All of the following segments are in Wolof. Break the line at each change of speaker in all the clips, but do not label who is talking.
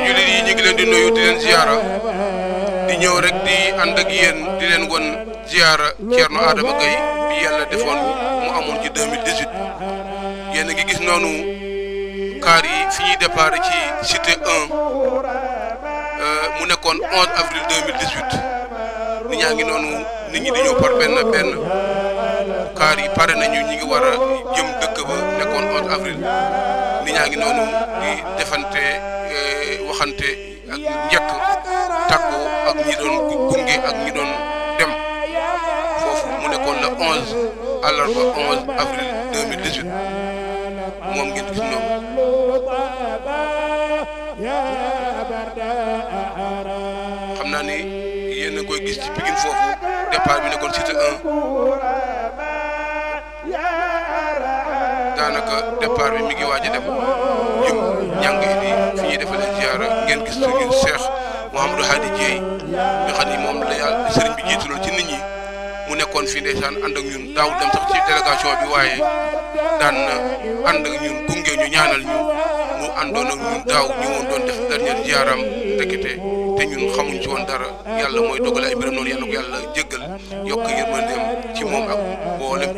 mbokki jullit ngi leen di nuyu di leen ziyaara di ñëw rek di ànd ak yéen di leen won ziyaara Thierno Adama Gaye bi yàlla defoon mu amoon ci 2018 yéen a ngi gis noonu kaar yi fi ñuy départ ci cité 1
euh,
mu nekkoon 11 avril 2018 ñaa ngi noonu nit ñi di ñëw par benn benn. kaar yi pare nañu ñi ngi war a jëm dëkk ba lekkoon 11 avril nit ñaa ngi noonu di defante euh, waxante
ak njëkk tàkkoo
ak ñi doon gunge ak ñi doon dem foofu mu nekkoon la 11 àllarba 11 avril 2018 moom ngeen gis noonu. xam naa ni yéen a koy gis ci Pikine foofu départ bi nekkoon
cité 1.
daanaka départ bi mi ngi waaj a dem jëm njàng yi di fi ñuy defalee ziara ngeen gis suñu Cheikh Mouhamadou Hadi Dieye nga xam ni moom la yàlla sëriñ bi jiituloon ci nit ñi mu nekkoon fii ndeysaan ànd ak ñun daaw dem sax ci délégation bi waaye daan ànd ak ñun gunge ñu ñaanal ñu mu àndoon ak ñun daaw ñëwoon doon def dernier ziaram ndekete te ñun xamuñ ci woon dara yàlla mooy dogale ay mbiram noonu yàlla ko yàlla jéggal yokk yërmandeem ci moom ak mboolem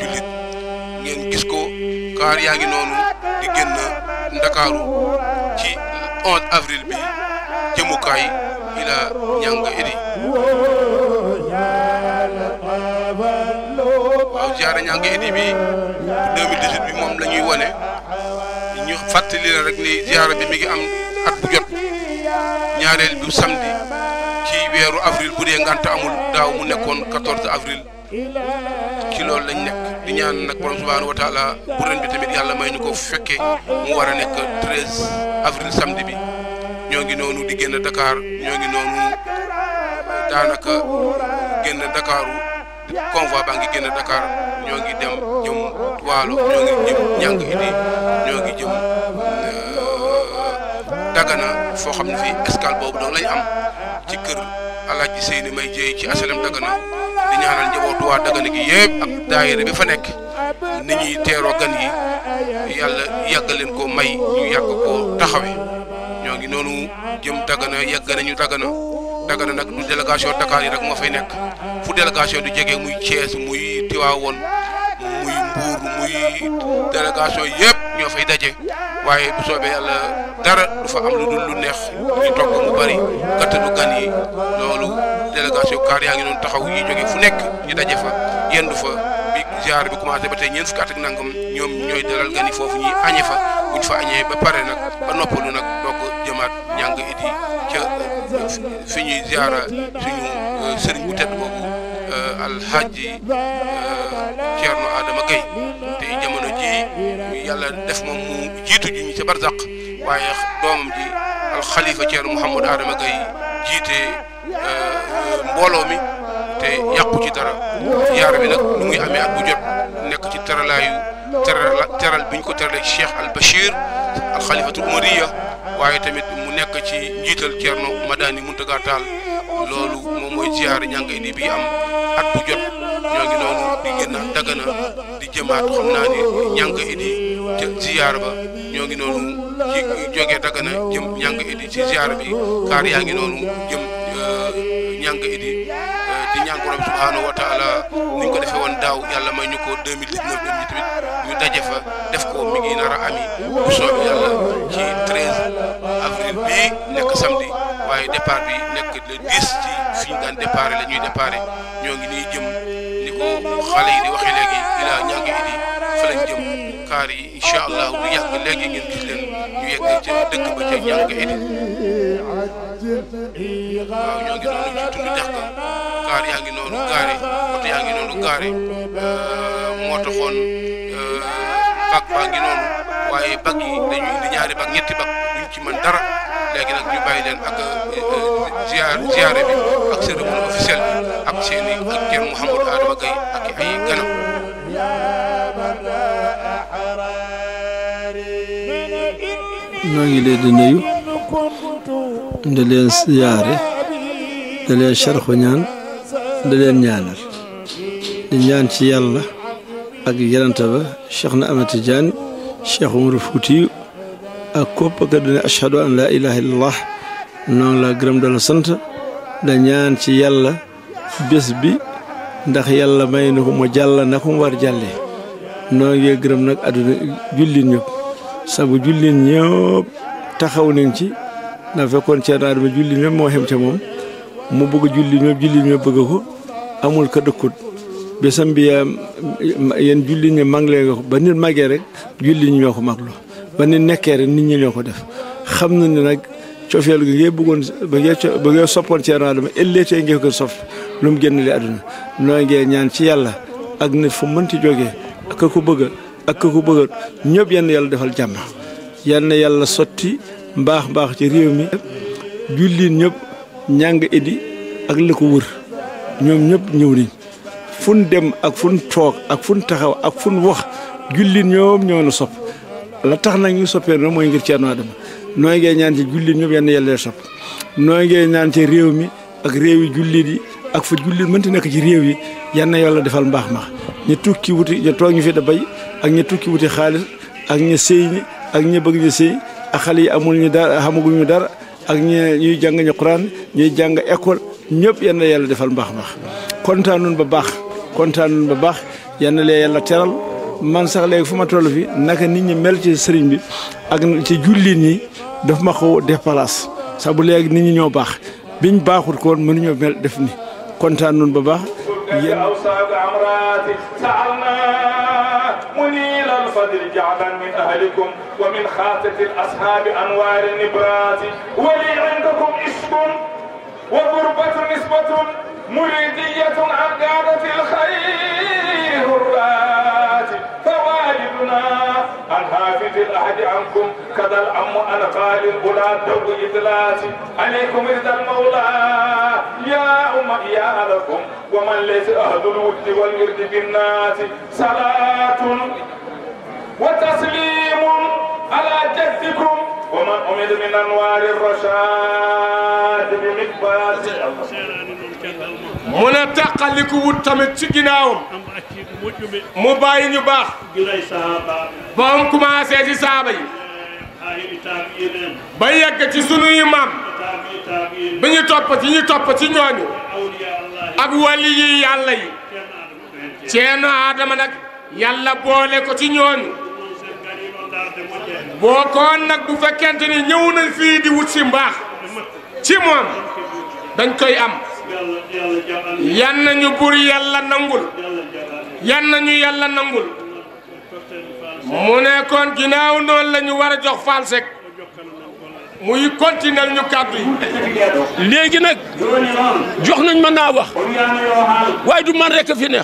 ko. gaar yaa ngi noonu ci 11 avril bi jëmukaay yi la ñàng waaw jaare ñàng iri bi moom la ñuy wane ñu fàttali la rek ni ziara bi mi ngi am
at bu jot ñaareel bu samedi ci
weeru avril bu dee ngànt amul
daaw mu nekkoon
14 avril ci loolu lañ nekk di ñaan nag borom subhaanahu wa taala bi tamit yàlla may ñu ko fekkee mu war a nekk avril samedi bi ñoo ngi noonu di génn Dakar ñoo ngi noonu daanaka génn dakaaru convoi baa ngi génn Dakar ñoo ngi dem jëm waalo ñoo ngi jëm ñàng idi ñoo ngi jëm Dagana foo xam ne fii escale boobu dong lañ am ci kër Alaaji Seyni may jéey ci asalam Dagana di ñaanal njabootu waa Dagana gi yëpp ak fa nekk ni ñi teeroo gan yi yàlla yàggal leen koo may ñu yàgg koo taxawe ñoo ngi noonu jëm Dagana yàgg nañu Dagana Dagana nag du délégation Dakar yi rek moo fay nekk fu délégation du jege muy Thiès muy Tivaouane muy Mbour muy délégation yëpp. ñoo fay daje waaye bu soobee yàlla dara du am lu dul lu neex
ñu togg mu bëri
kattanu gan yi loolu délégation kaar yaa ngi doon taxaw yi jóge fu nekk ñu daje fa yendu fa bi ziar bi commencé ba tey ñeent fukki at ak nangam ñoom ñooy dalal gan yi foofu ñuy añe fa buñ fa añee ba pare nag ba noppalu nag doog jëmaat ñàng iti ca fi ñuy ziara suñu euh, sëriñ bu tedd boobu euh, alxaaji Ceerno euh, Adama Gaye te jamono ji yàlla def moom mu jiitu ji ñu ci barzaq waaye doomam ji alxalifa Ceerno Mouhamadou Adama Gaye jiite euh, mbooloo mi te yàqu ci dara yaar bi nag muy amee at bu jot nekk ci teralaayu teral bi ñu ko teralee Cheikh Al Bachir alxalifatul umariya waaye tamit mu nekk ci njiital Ceerno Madani Muntaga Taal loolu moom mooy ziyaar ñàngay ni bi am at bu jot ñoo ngi noonu di génn dagana di jëmaat xam naa ni ñànk idi ca ziyaar ba ñoo ngi noonu ci jógee bi kaar yaa ngi noonu jëm euh, ñànk idi euh, di ñaan borom subhaanahu wa taala ni ko defee woon daaw yàlla ma ñu ko 2019 dem ñi tamit ñu daje fa def ko mi ngi nar a ami bu soob yàlla ci 13 avril bii nekk samedi waaye départ bi nekk le 10 ci fi daan départ la ñuy ñoo ngi nii jëm xale yi di waxee ilaa ñàkk yi
di jëm
kaar yi incha allah bu yàgg léegi ngeen gis leen ñu yegg ca dëkk ba ca ñàkk yi di waaw ñoo ngi noonu ci tund dex ga yaa ngi noonu gaare oto yaa ngi noonu gaare moo taxoon bac baa ngi noonu waaye bac yi dañuy indi ñaari bac ñetti bac ci mën dara léegi nag ñu bàyyi leen ak euh, ziar ak cérémonie officielle bi ak seen ak ay ganam.
ñoo ngi leen di nuyu di leen siyaare di leen sharxu ñaan di leen ñaanal di ñaan ci yàlla. ak yonente ba cheikh na Ahmad Tijaan cheikh Umar Fuuti ak képp ka dina ashhadu an laa ilaaha illallah noonu laa gërëm dala sant da ñaan ci yàlla bés bi ndax yàlla may na ko mu jàll na ko mu war jàllee noo ngi gërëm nag àdduna jullit ñëpp sabu jullit ñëpp taxaw nañ ci ndax fekkoon Ceerno Adama jullit moo xem ca moom mu bëgg jullit ñëpp jullit ñëpp bëgg ko amul ka dëkkut bisam bi eh, yéen julli ñi mag leen ba nit màggee rek julli ñi ñoo ko magloo ba nit nekkee rek nit ñi ñoo ko def xam na ni nag cofeel gi ngay bëggoon ba ngay ba ngay soppoon Ceerno Adama ëllëg tey ngeen ko lu mu génn li àdduna noo ngee ñaan ci yàlla ak nit fu mënti jógee ak ko bëgga ak ko bëgga ñëpp yenn yàlla defal jàmm yenn yàlla sotti mbaax mbaax ci réew mi julli ñëpp ñàng idi ak la ko wër ñoom ñëpp ñëw nañ fu nu dem ak fu toog ak fu nu taxaw ak fu nu wax jullit ñoom ñoo na sopp la tax nag ñu soppee noonu mooy ngir Thierno Adama nooy ngay ñaan ci jullit ñoom yenn yàlla sopp nooy ngay ñaan ci réew mi ak réew yi jullit yi ak fa jullit mënti nekk ci réew yi yann yàlla defal mbaax mbaax ñu tukki wuti ñu toog ñu fi da bay ak ñu tukki wuti xaalis ak ñu sëy ñi ak ñu bëgg ñu sëy ak xale yi amul ñu dara xamaguñu dara ak ñi ñuy jàng ñu Quraan ñuy jàng école ñëpp yenn yàlla defal mbaax mbaax kontaanoon ba baax kontaan bu baax yal na leen yàlla teral man sax léegi fu ma toll fi naka nit ñi mel ci sëriñ bi ak ci jullit ñi daf ma ko def place sax bu léegi nit ñi ñoo baax biñ baaxut ko woon mënuñoo mel def ni kontaan nañu bu baax
yéen منيل الفضل جعبا من أهلكم ومن خاتة الأصحاب أنوار النبرات ولي عندكم اسم وغربة نسبة مردية عقادة الخير
الرات فوالدنا
الحافظ الأحد عنكم كذا
الأم أنا قال الأولى دوب إدلاتي عليكم إذا المولى يا أم يا لكم ومن ليس أهل الود والورد بالناس
صلاة وتسليم على جدكم ومن أمد من أنوار الرشاد بمقبات mu ne tàqaliku wut tamit ci ginnaawam mu bàyyi ñu baax ba mu commencé ci saaba yi ba yegg ci sunuy maam bi ñu topp ci ñu topp ci ñooñu ak wàlli yi yàlla yi ceeno aadama nag yàlla boole ko ci ñooñu boo koon nag bu fekkente ni ñëw nañ fii di wut si mbaax ci moom dañ koy am
yan nañu bur yàlla nangul
yan nañu yàlla nangul mu ne kon ginnaaw noonu la ñu war a jox Fall Seck
muy continuer ñu kàddu yi. léegi nag jox nañ ma naa wax waaye du man rek fi ne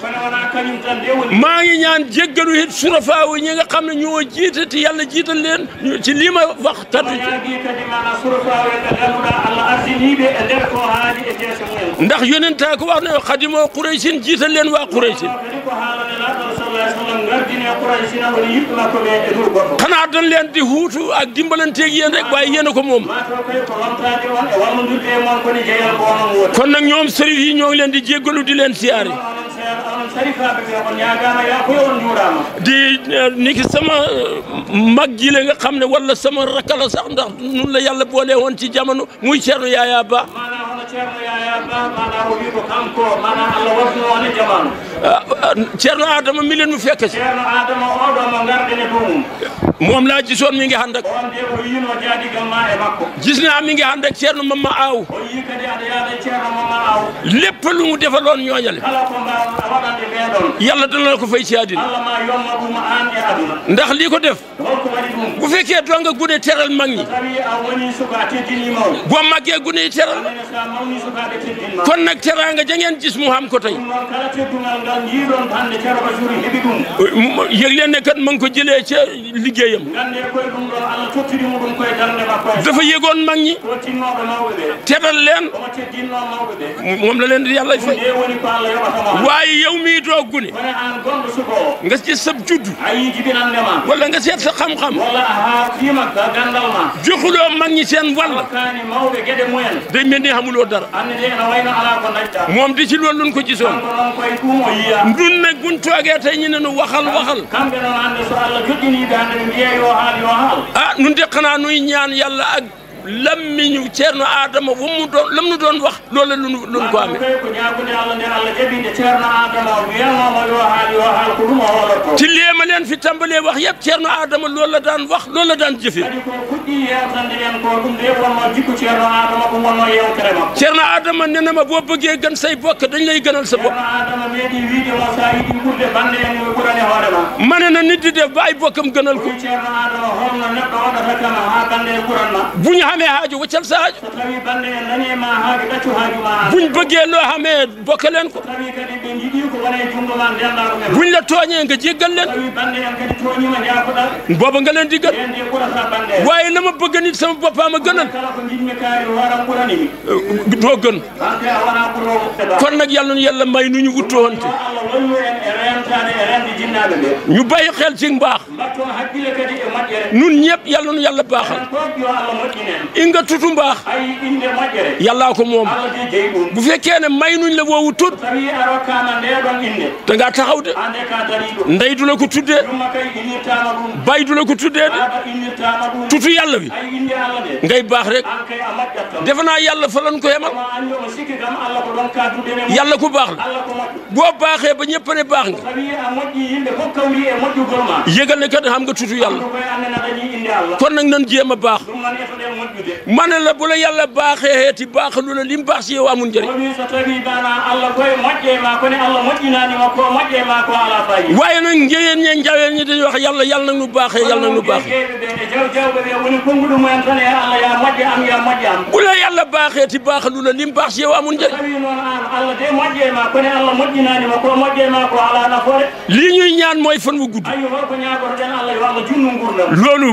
maa ngi ñaan jéggalu it surafaaw ñi nga xam ne ñoo jiitati yàlla jiital leen ci lii ma wax tatu ndax yonentaa ko wax ne xadimoo Quraysin jiital leen waa Quraysin xanaa dañ leen di ak dimbalanteeg yéen rek waaye yéen a ko moom. kon nag ñoom sërif yi ñoo leen di jéggalu di leen siyaare. di eh, niki sama eh, mag ji la nga xam ne wala sama rakala sax ndax nun la yàlla boole woon ci jamono muy Ceerno Yaaya Ba. ceerno adama milen mo fekke si ceerno adama oɗo mo garɗene ko mum moom laa gisoon mi ngi ànd na on de ko yino jaadigal ma e makko gis naa mi ngi ànd o ko e yàlla dana ko fay ci àddina e ndax lii ko def holko waɗi fekkee donga gude teral mag ñi tawi gune teral kon nag jangeen gis mu xam ko
dal jiiɗon hannde ceero basuru heɓi ɗum
yeglene kadi manko jëlee ce liggéeyam gande koye ɗum ɗon allah tottirimo ɗum koye darde makko dafa yegoon mag ñi tottinnoɓe mawɓe ɓe teɗal leen omo teddinno mawɓe ɓe moom la leen di yàlla fay nde woni ko allah yoɓatama waawi yow mii doo gune kono nga ci sab juddu a yi jibinandema walla nga seet sa xam-xam walla a haafima gandal ma joxuloo mag ñi seen walla kani mawɓe gueɗe mumen day mel ni xamuloo dara annde de ene wayno ala ko moom di ci loolu ko gisoon o ndun ne gun toogee tey ñu ne nu waxal waxal ah nun de xanaa nuy ñaan yàlla ak lammiñu ceerno adama wo mu doon lam nu doon wax loola lunu lunu ko amee ci leema leen fi tàmbalee wax yëpp ceerno adama loola daan wax loola daan jëfe ceerno adama ne na ma boo bëggee gën say bokk dañ lay gënal sa bopp ma ba ay bokkam gënal ko bu ñu xamee haaju waccal sa haaju bu ñu bëggee loo xamee bokke leen ko bu ñu la tooñee nga jéggal leen booba nga leen diggal waaye la ma bëgg nit sama boppam a gënal doo gën kon nag yàlla na yàlla may nu ñu uttoonte ñu bàyyi xel ci mbaax e nun ñëpp yàlla nu yàlla baaxal inga tutu mbaax yàllaa ko moom bu fekkee ne may nuñ la woowu tut da ngaa taxaw de ndey du la ko tuddee bay du ko tuddee
de
tutu yàlla bi ngay baax rek defe naa yàlla fa lañ ko yemal yàlla ku baax la boo baaxee ba ñëpp baax nga yëgal ne kat xam nga tutu yàlla kon nag nan jéem a baax ma ne la bu la yàlla baaxee xeeti baax lu la lim baax si yow amul njëriñ waaye nag njëyeen ñe njaween ñi dañuy wax yàlla yàlla nag nu baaxee yàlla nag nu baaxee bu la yàlla baaxee ti baax lu la lim baax si yow amul njëriñ lii ñuy ñaan mooy fan wu gudd loolu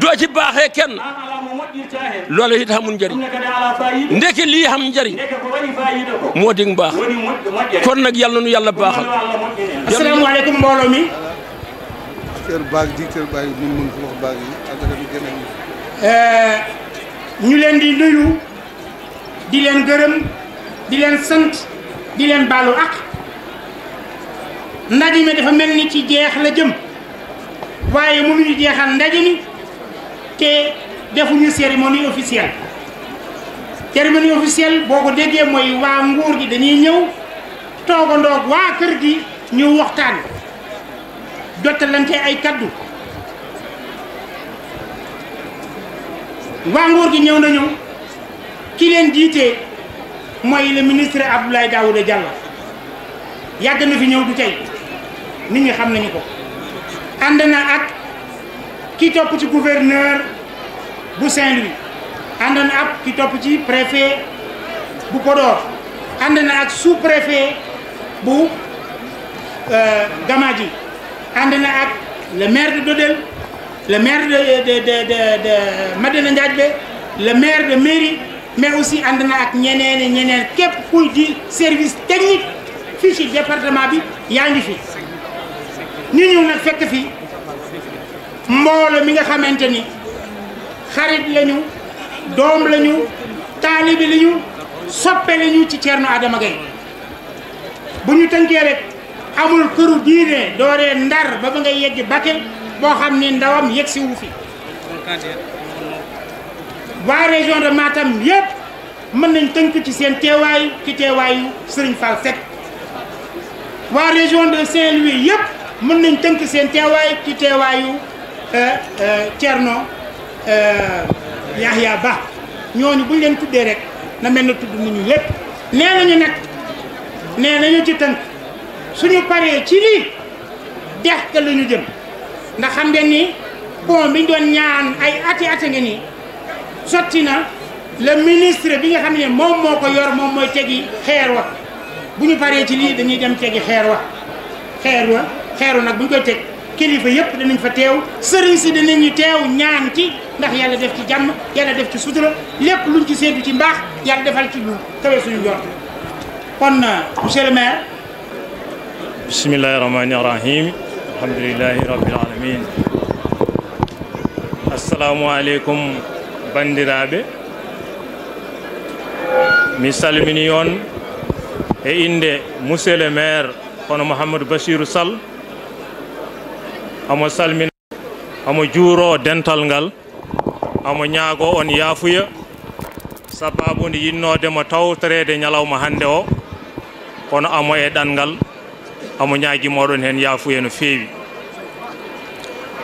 doo ci baaxee kenn loolu it xamul njëriñ ndeke lii xam njëriñ moo dig baax kon nag yàlla nu yàlla baaxal.
asalaamaaleykum
mbooloo mi.
kër baag ji kër baag yi mun ko wax baag
eh, ñu leen di nuyu di leen gërëm di leen sant di leen baalu ak ndaje mi dafa ci jeex la jëm. waaye mënuñu jeexal ndaje mi te defuñu cérémonie officielle cérémonie officielle boo ko déggee mooy waa nguur gi dañuy ñëw toogandoog waa kër gi ñu waxtaan jottalante ay kàddu waa nguur gi ñëw nañu ki leen jiite mooy le ministre Abdoulaye Daouda Diallo yàgg na fi ñëw du tey nit ñi xam nañu ko ànd na ak ki topp ci gouverneur bu Saint-Louis ànd na ak ki topp ci préfet bu Podor ànd na ak sous-préfet bu euh, Gamadji ànd na ak le maire de Dodel le maire de de de maire de mais aussi ànd na ak ñeneen ñeneen képp kuy di service technique fii ci département bi yaa ngi fi. ñu ñëw nag fekk fi mboolo mi nga xamante ni xarit lañu doom lañu taalibi liñu soppe lañu ci Thierno Adama Gaye bu ñu tënkee rek amul këru diine dooree ndar ba ba ngay yeggi bakke boo xam ni ndawam yegg si wu fi waa région de Matam yépp mën nañ tënk ci seen teewaay ci teewaayu Serigne Fall Seck waa région de Saint-Louis yépp mën nañ tënk seen teewaay ci teewaayu euh, euh, Thierno euh, Yahya Ba ñooñu buñ leen tuddee rek na mel na tudd ñu lépp nee nañu nag nee nañu ci tënk suñu paree ci lii dex ka la ñu jëm ndax xam ngeen ni pont bi ñu doon ñaan ay ati ati nga nii sotti na le ministre bi nga xam ne moom moo ko yor moom mooy tegi xeer wa bu ñu paree ci lii dañuy dem tegi xeer wa xeer wa xeeru nag bu ñu teg kilifa yëpp danañ fa teew sëriñ si danañu teew ñaan ndax yàlla def ci jàmm yàlla def ci sutura lépp luñ ci séentu ci mbaax yàlla defal ci lu tawee suñu njort kon monsieur le
bismillahi rahmani rahim alhamdulillahi rabbil alamin assalamu aleykum bandiraɓe mi salmini on e inde monsieur le hono mouhamadou bachirou sall omo salmina omo juuro dental ngal omo ñaago on yaafuya sababude yinnodemo tawtorede ñalawma hannde o kono amo e ɗanngal amo ñaaguimoɗon heen yaafuya no feewi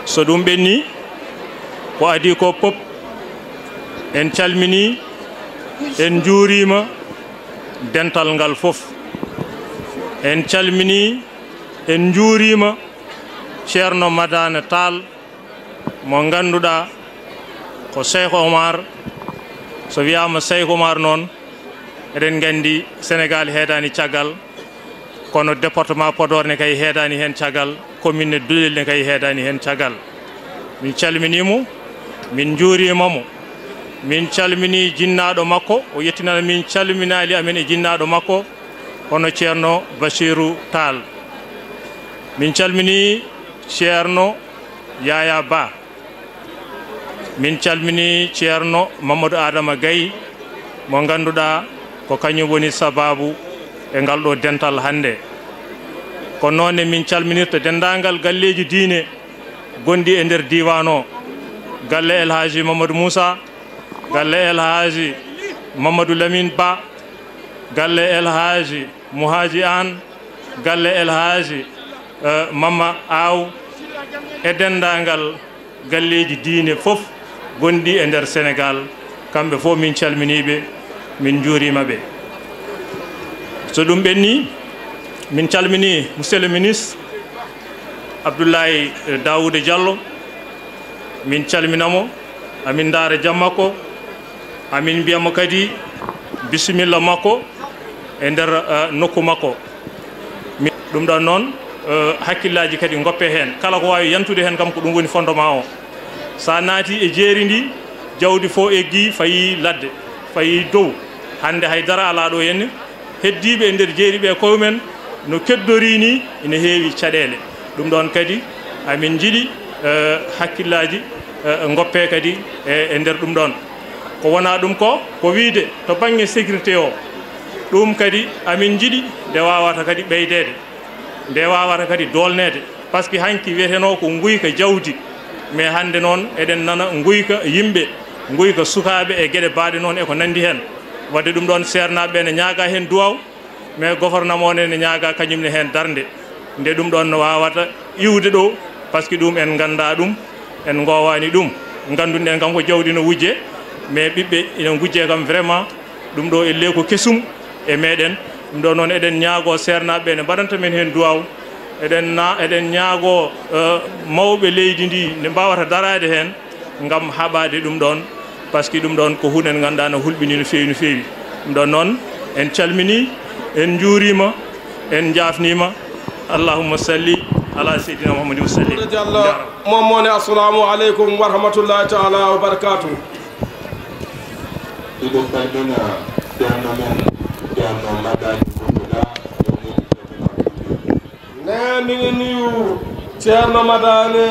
so ɗum ɓenni ko adi pop en calmini en juurima dental ngal fof en calmini en juurima ceerno madane tall mo ngannduɗaa ko cheikh oumar so wiyaama cheikh oumar noon eɗen nganndi sénégal heedaani caggal kono département podor ne kay heedaani heen caggal commune dulel ne kay heedaani heen caggal min calminiimo min njuuriima mo min calminii jinnaaɗo makko o yettinana min calminaali amen e jinnaaɗo makko hono ceerno basiru tall min calminii ceerno yaya ba min calmini ceerno mamadou adama gayi mo ganduɗa ko kañum woni sababu e ngal ɗo dental hannde ko noonne min calminirta dendagal galleji diine gondi e nder diwan galle el haji mamadou galle el haji mamadou lamine galle el haji mouhaji galle el Eh, mamma aaw e galleeji diine fof gonɗi e ndeer sénégal kamɓe fof min calminii min njuuriima ɓe so ɗum ɓenni min calminii monsieur ministre abdoulaye eh, daoude diallo min calminamo amin ndaara jam makko amin mbiyamo kadi bisimilla makko e nder eh, nokku makko ɗum ɗon noon Eh, hakkillaji kadi goppe hen kala ko wawi yantude hen kam ko ɗum woni fondement o sa naati e jeeri ndi jawdi fo eggi fayi ladde fayi dow hande haydara ala ɗo henna heddiɓe e nder jeeri ɓe koyemumen no keddori ni ene heewi caɗele ɗum ɗon kadi amin jiiɗi eh, hakkillaji eh, goppe kadi e, e nder ɗum ɗon ko wona ɗum ko ko wiide to banggue sécurité o ɗum kadi amin jiiɗi nde wawata kadi ɓeydede nde wawata kadi dolnede par que hanki wiyeteno ko guyka jawdi mais hande noon eɗen nana guyka yimɓe guyka sukaɓe e gueɗe baɗe noon eko nandi hen wadde ɗum ɗon sernaɓeɓe ne ñaaga hen duwaw mais gouvernement ne ne ñaaga kañumne hen darde nde ɗum ɗon wawata iwde ɗo par que ɗum en ganda ɗum en gowani ɗum ganduɗen kam ko jawdi no wujje mais ɓiɓɓe ina gujje kam vraiment ɗum ɗo elle ko kesum e meɗen ɗum ɗo noon ne mbaɗanta men heen duwaw eɗen na e, mawɓe leydi ndi ne mbawata darade heen ngam haɓade ɗum ɗon par que ɗum ɗon ko hunde en no hulɓini no feewi no feewi ɗum ɗon noon en calmini en juurima en jafnima allahumma salli ala seydina mouhamadin salli diallo
moom moo ne assalamu aleykum Thierno Madani Bourguiba nee mi ngi nuyu Thierno Madani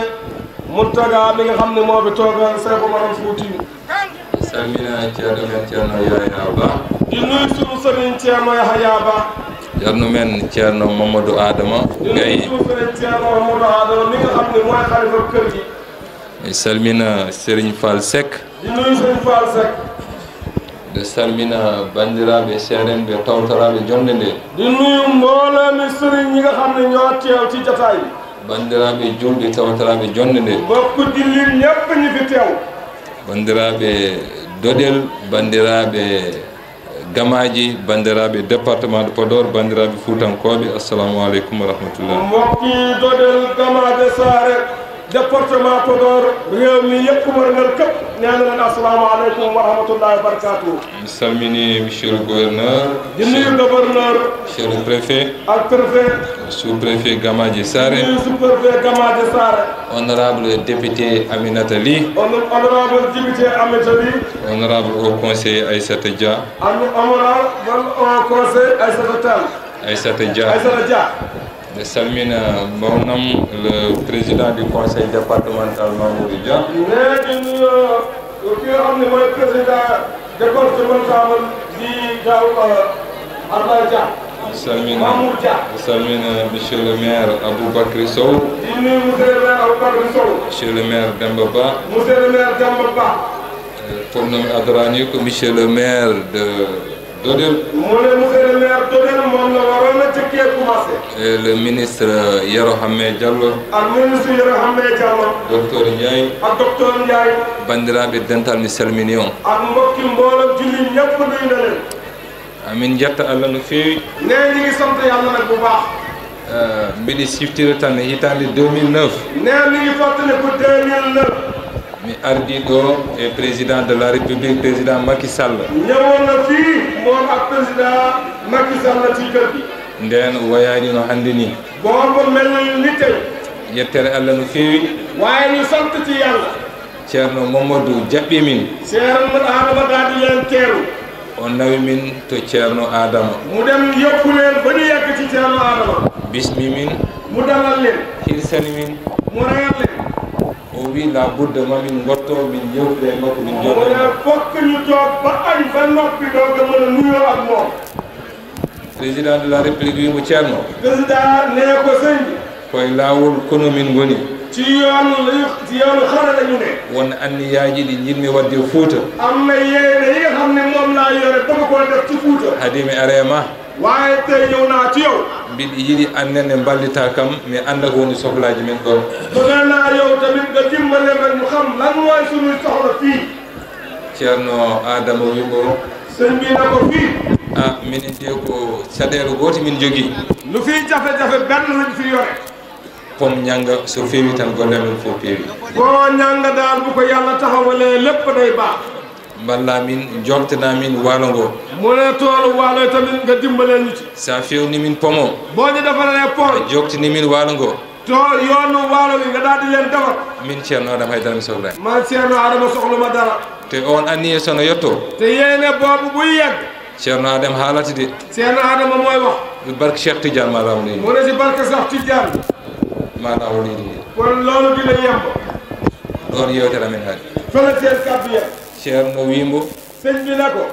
Mourtada mi nga xam ne moo fi toogal Cheikh Oumar Fouti.
Samina Thierno men Thierno Yaya Ba.
di nuyu sunu sëriñ Thierno Yaya Ba.
Thierno men Thierno Mamadou Adama. Gaye di nuyu sunu
sëriñ Thierno Mamadou Adama mi nga xam ne mooy xalifa kër
gi. salmina Serigne Fall Seck.
di nuyu Serigne Fall Seck.
nde salmina bandiraɓe seeren ɓe tawtoraɓe jonde nde
ɗi nuyu mboolemi ñi nga xam ne ñoo teew ci jataay
bandiraɓe jonde nde
bokk dillir ñepp ñi fi teew
bandiraɓe doɗel bandiraɓe gamaji bandiraɓe département de podor bandiraɓe fuutankoɓe assalamu aleykum wa rahmatullah
mbokki doɗel gamaje saare département Podor réew mi yëpp wërngal képp nee na leen asalaamaaleykum wa rahmatullahi wa barakaatu.
salmini monsieur le
di nuyu gouverneur.
monsieur préfet. ak préfet. sous-préfet Gamadji di nuyu
sous-préfet Gamadji
honorable député Aminata
honorable député Aminata Ly.
honorable au conseil honorable
au conseil Aïssata Tal.
Aïssata mi salmina mawnam le président du conseil départemental Mamoudou Dia
nee di nuyoo président départemental di jaw Arba Dia
mi salmina Mamoudou Dia mi monsieur le maire Aboubacry Sow
di monsieur le maire Aboubacry Sow
monsieur le maire Ba
monsieur le maire Demba Ba
pour nommer monsieur le maire de Dodel. mu
ne monsieur le maire Dodel waroon a jëkkee commencé.
et le ministre euh, Yoro Hammet Diallo.
ak ministre Yoro Hammet Diallo.
docteur Ndiaye.
ak docteur Ndiaye.
bandiraɓe dental ak mbokki
mbooloo julli ñëpp nuyu na leen.
amin jetta allah no feewi.
nee ñi ngi sant yàlla nag bu baax.
Euh, mbiɗi siftira tan hitande 2009.
nee mi ngi fàttali ko 2009.
Ardido et président de la République président Macky Sall.
ñëwoon na fii moom ak président Macky Sall ci kër gi.
ndeen no hannde nii.
boobu mel nañu ni tey.
yettere Allah no feewi.
waaye ñu sant ci yàlla.
ceerno Mamadou jaɓɓi min.
ceerno Adama daadi leen
o nawi min to ceerno Adama. mu dem yokku leen ba ñu yegg Adama. bismi min. mu dalal leen. hirsani min.
mu ragal leen.
on vit la bourde Mamine Ngoto min yewtude e makko min jooɗo wona
fokk ñu toog ba añ ba noppi dooga a nuyoo ak moom
président de la république wimo ceerno
président nee ko sëñ
koye laawol kono min ngoni
ci yoon ci yoonu xara lañu ne
won anniyaaji ɗi jinmi wadde fuuta
am na yeene yi nga ne moom laa yore bëgg koo def ci fuuta
hadimi areema
waaye tey ñëw naa ci yow
mbiɗi yiɗi annene mballita kam mi annda ko woni sohlaji men ɗon
tamit nga dimbale men mu xam lan mooy suñuy soxla fii
ceerno adama wimo
sëñ na ko fii
ah minen de ko caɗele gooti min jogui
lu jafe-jafe benn lañ fi yore
pom ñanga so feewi tan golle men fof peewi
boo ñanga daal bu ko yàlla taxawalee lépp day baax
ballamin joltanamin waalongo mone toon waaloy tamit nga dimbaleen ñu ci sa fewni min pomo boo ñu defarale pom joktini min waalongo
to yoonu waalo wi nga daal di leen
min ceerno adama haydara
mi dara
te on anniye sono yetto
te yeene boobu buy yegg
ceerno adama haalata de ceerno adama mooy wax barke cheikh tidiane ma lawni mo
kon loolu dina yemb
ɗon yewtere amen haali
fela teen kabbiye
ceerno wimo
sëñ bi na ko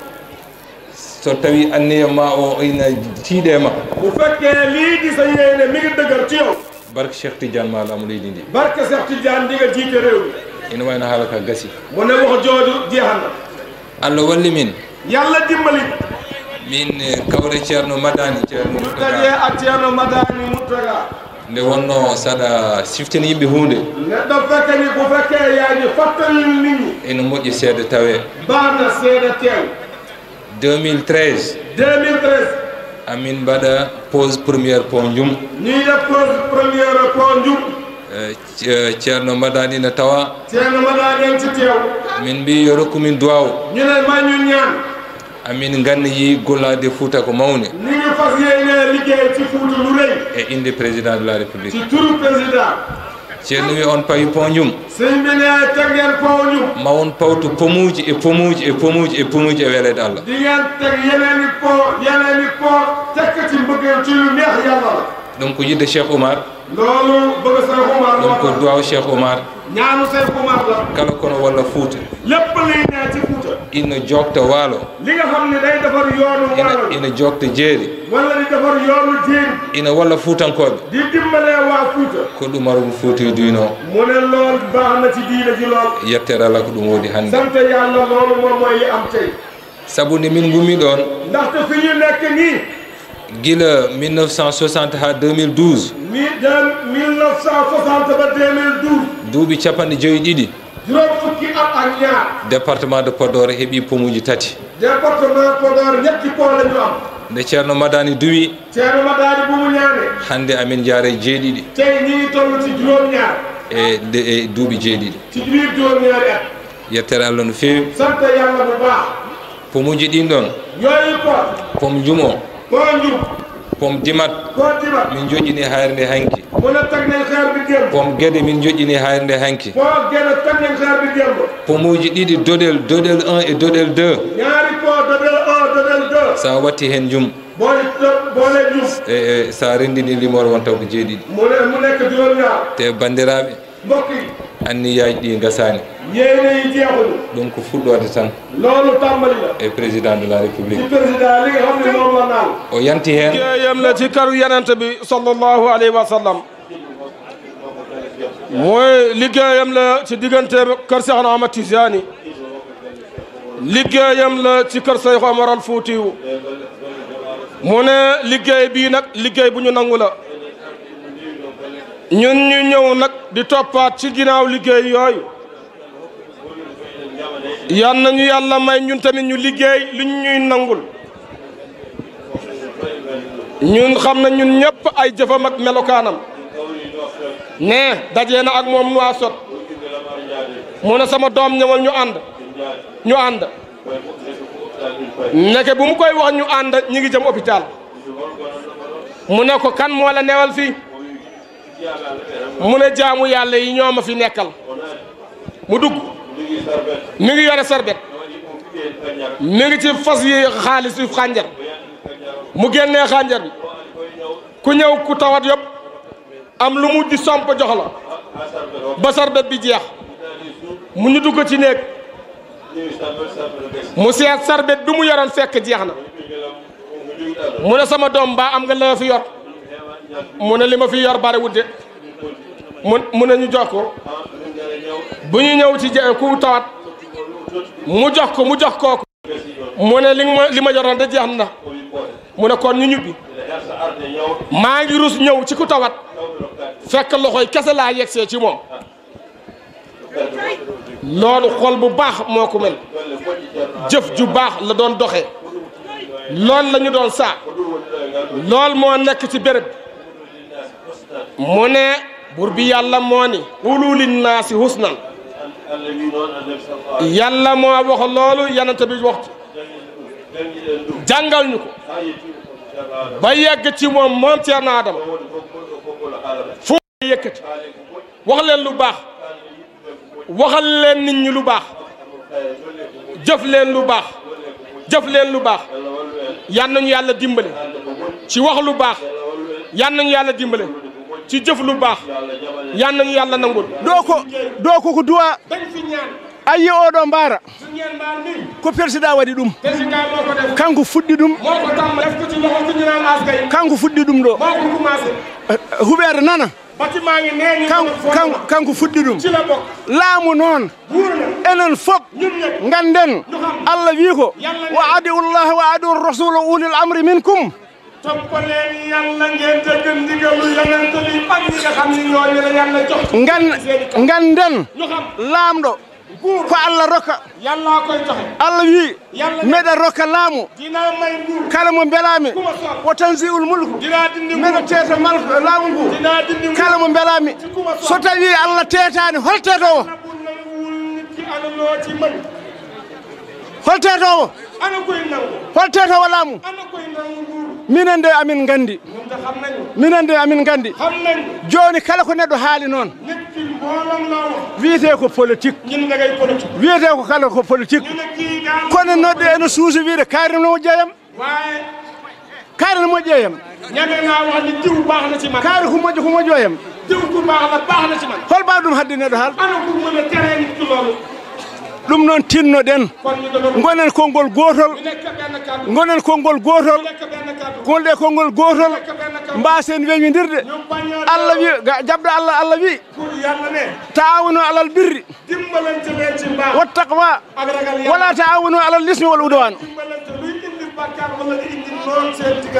so tawi anniya ma o ina tiiɗe ma
bu fekkee lii di sa yéene mi ngi dëgër ci yow
barke Cheikh laamu leydi ndi
barke Cheikh Tidiane di jiite réew
ina wayno haala ka gasi mu ne wax
jooju jeexanna
allah walli min
yàlla dimbali
min eh, kawre ceerno madani ceerno
mutaga ak ceerno madani mutaga
nde wonno saɗa siftini yimɓe hunde
neɗɗo fekkeni ko fekke yaani fattanil nini
ene moƴƴi seeɗa tawe
mbaɗa seeɗa tew
2013 amin mbaɗa pose premiére pont jum
ni def pose premiére pont jum
eh, ceerno eh, mbaɗani ina tawa
ceerno mbaɗani min duwaw ñune ma ñun ñaan
amin gannayi gollade fouta ko mawni ni
ngi fas yéene liggéey ci fouta lu rëy
e inde président de la république ci
turu président
ceerno wi on pawi poñum
sembine taggen poñum
ma won pawtu pomuji e pomuji e pomuji e pomuji e welede allah
ɗigen tag yeneni po bëggee ci lu neex donc ina walla di
ina walla Fuutankooɓe. ko ɗum marum Fuuti diinoo.
mu ne loolu baax diina ji lool.
yettere ala ko ɗum woodi hannde. sabu ni min ngummi ɗoon.
ndaxte fi ñu nekk nii.
gila 1960 ha 2012
1960 ba 2012
duuɓi capanɗe joyi ɗiɗi
juróom fukki at ak ñaar
département de podor heeɓi pomuji tati
département podor ñetti poole ñu am
nde ceerno madani duwi
ceerno madani bumu ñaane
hannde amin jaare jeeɗiɗi
tey ñii tolluti juróom
e, e duuɓi jeeɗiɗi yettere allah no feewi
sante yalla no baax
pomuji ɗin ɗon yoyi ko pom jumo konju pom dimat min joƴƴini hayrde hanki pom gueɗe min joƴƴini hayrde hanki pomuji ɗiɗi doɗel doɗel 1 e doɗel 2 sa watti hen
bole jum
e, e sa rendini limore won taw ko te bandiraɓe
mbokk yi
anni yaaji ɗi gasaani
ñeene yi jeexul
ɗum ko fuɗɗoode tan loolu tàmbali la e président de la république
président li nga xam ne moom la naan
o yanti heen jeeyam la ci karu yanante bi sallallahu alayhi wa sallam
mooy liggéeyam la ci diggante kër Cheikh Ahmad Tidiane liggéeyam la ci kër Cheikh Omar al Foutiyu mu ne liggéey bii nag liggéey bu ñu nangu la ñun ñu ñëw nag di toppaat ci ginnaaw liggéey yooyu yan nañu yàlla may ñun tamit ñu liggéey luñ ñuy nangul ñun xam na ñun ñëpp ay jëfam ak melokaanam ne dajee na ak moom waa sot mu ne sama doom ñëwal ñu ànd ñu ànd nekk bu mu koy wax ñu ànd ñi ngi jëm hôpital mu ne ko kan moo la newal fii mu ne jaamu yàlla yi ñoo ma fi nekkal mu dugg mu ngi yore sarbet mi ngi ci fas yi xaalis yu xànjar mu génnee xànjar bi ku ñëw ku tawat yëpp am lu mu di somp jox la ba sarbet bi jeex mu ñu dugg ci néeg mu seet sarbet bi mu yoroon fekk jeex na mu ne sama doom baa am nga la fi yor mu ne li ma fi yor bariwul de mu mu ne ñu jox ko bu ñu ñëw ci jeex ku tawat mu jox ko mu jox kooku mu ne li ma li ma yoroon de jeex na mu ne kon ñu ñubbi maa ngi rus ñëw ci ku tawat fekk loxoy kese laa yegsee ci moom loolu xol bu baax moo ko mel jëf ju baax la doon doxee loolu la doon saa lool moo nekk ci béréb mu ne buur bi yàlla moo ni qulu linnaasi husnan yàlla moo wax loolu yanante bi waxtu jàngal ñu ko ba yegg ci moom moom Ceerno Adama foo yëkkati wax leen lu baax waxal leen nit ñi lu baax jëf leen lu baax jëf leen lu baax yan nañu yàlla dimbale ci wax lu baax yan nañu yàlla dimbale ci jëf lu baax yan nañu yàlla nangul ɗo ko ɗo koko duwa ayi mbaara ko président waɗi ɗum kanko fuɗɗi ɗum kanko fuɗɗi ɗum ɗo eh, eh, huɓere nana kanko fuɗɗi ɗum laamu noon enen fof ngannden allah wi ko wa adiullaha wa adiu rasula ulil amri toppaleen yàlla ngeen dëgg ndigalu yonent bi ak ñi nga xam ni ñooñu la yàlla jox ngan ngan den laamɗo ko allah rokka yalla koye joxe allah wi meɗa rokka laamu kala mo mbelami o tansi ul mulku meɗa teeta malko laamu ngu kala mo mbelami so tawi allah teetani hol teetowo hol teetowo ana koye nangu minen de amin gandi minen de amin gandi xam kala ko neɗɗo haali noon nekki ko politique ñin ko kala ko politique kono noɗɗo ene suusa wiide kaarino jeeyam waye kaarino mo ƴeeyam ñagana wahde kaari ko moƴƴo ko moƴƴoyam diw hol mbaw ɗum hadde neɗɗo haal ɗum noon tinnoɗen gonen konngol gootol gonen konngol gootol gonɗe konngol gootol mbasen weñodirde allah wi jabɗo allah allah wi taawuno alal birri wat taqwa wala taawuno alal lismi wal udwan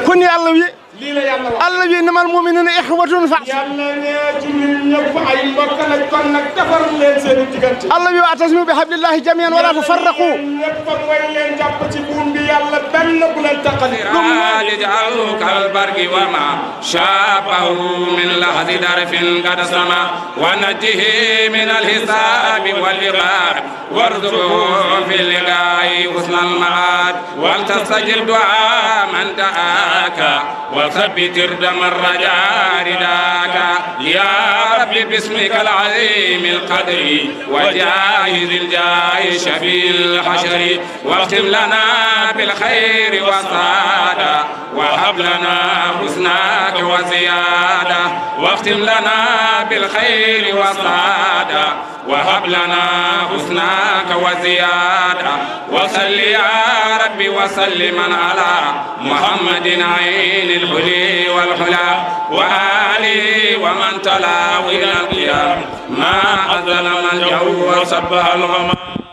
koni allah wi lii la yàlla wax allah bi namal mu'minuna ixwatun fa yàlla nee jullit ñëpp ay mbokk nag kon nag defar leen seen diggante allah bi wa atasimu bi hablillahi jami'an wala tafarraqu ñëpp mooy leen jàpp ci buum bi yàlla kenn bu leen taqali raadi
jaal kalbargi wa ma shaabahu min lahdi darfin qad sama wa najihi min alhisaabi wal iqaab warzuqhu fi liqaa'i husna almaad wal tastajib duaa man daaka wa thabbit irdam arrajaa ridaaka ya rabbi bismika العظيم القدر وجاهد الجاه شفيع الحشر واختم لنا بالخير الخير وسعادة وهب لنا حسناك وزيادة واختم لنا بالخير وسعادة وهب لنا حسناك وزيادة وصل يا ربي وسلما على
محمد
عين الحلي والحلا وآله ومن تلا إلى القيام ما أظلم الجو وسبح الغمام